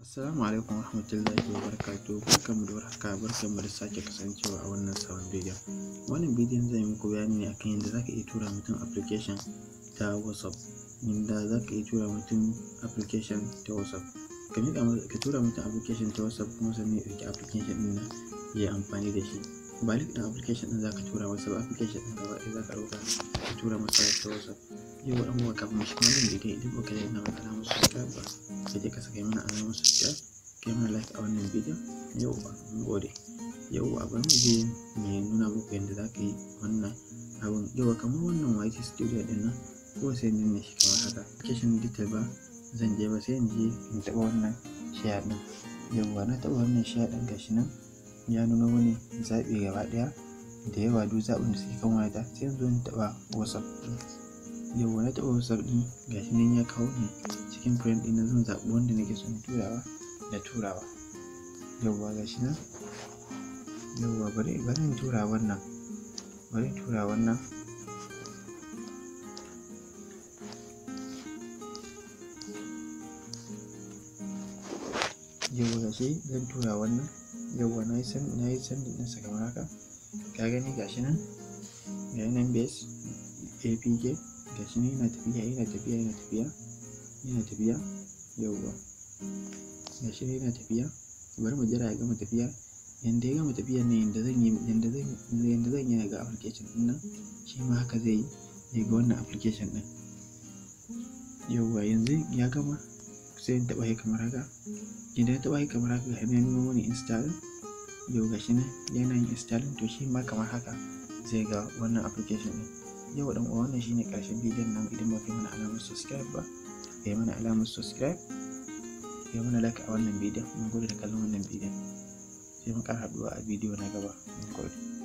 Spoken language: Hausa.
Assalamu alaikum warahmatullahi wabarakatuh barkanmu da warhaka barkanmu da sake kasancewa a wannan sabon bidiyon wannan bidiyon zai muku bayani ne akan yadda zaka iya tura mutum application ta WhatsApp inda zaka iya tura mutum application ta WhatsApp ka miƙa ka tura mutum application ta WhatsApp kuma sannan ya ɗauki application ɗin nan ya amfani da shi ba duk da application ɗin zaka tura masa ba application ɗin gaba ɗaya zaka ɗauka ka tura masa ta WhatsApp yau ɗan uwa shi kuma shiga wannan bidiyon idan baka daina ba alamar subscribe ba sai dai ka saka mana alamun subscribe kai mana like a wannan bidiyon yau ba mun gode yau a bari mai nuna muku yadda za ka yi wannan abin yau kamar wannan wake studio din nan ko sai nan ne shi kamar haka kishin detail ba zan je ba sai in je in taɓa wannan share Yau yauwa na taɓa wannan share din gashi nan ya nuna wani zaɓi gaba ɗaya da yawa duk zaɓin da suke kan wayata sai yanzu in taɓa whatsapp na taɓa whatsapp din gashi nan ya kawo ne cikin frame ɗin na zan zaɓi wanda nake so na turawa na turawa yauwa ga shi nan yauwa bari bari in tura wannan bari in tura wannan yauwa ga shi zan tura wannan yauwa na yi san na yi san ɗinsa kamar haka ka gani ga shi nan ga yanayin base apk ga shi nan yana tafiya yana tafiya yana tafiya yana tafiya yauwa gashi yana tafiya bari mu jira ya gama tafiya yanda ya gama tafiyan nan yanda zan yi yanda zan yi ga application din nan shi ma haka zai yi ya ga wannan application din yauwa yanzu ya gama sai in yi kamar haka idan ya taɓa kamar haka ga ya nuna wani install yau ga shi nan yana yin installing to shi ma kamar haka zai ga wannan application din yau dan uwa wannan shine karshen bidiyon nan idan ba kai mana alamar subscribe ba Kai mana alamar subscribe kai mana like a wannan bidiyon mun gode da kallon wannan bidiyon sai mu ƙara haɗuwa a bidiyo na gaba mun gode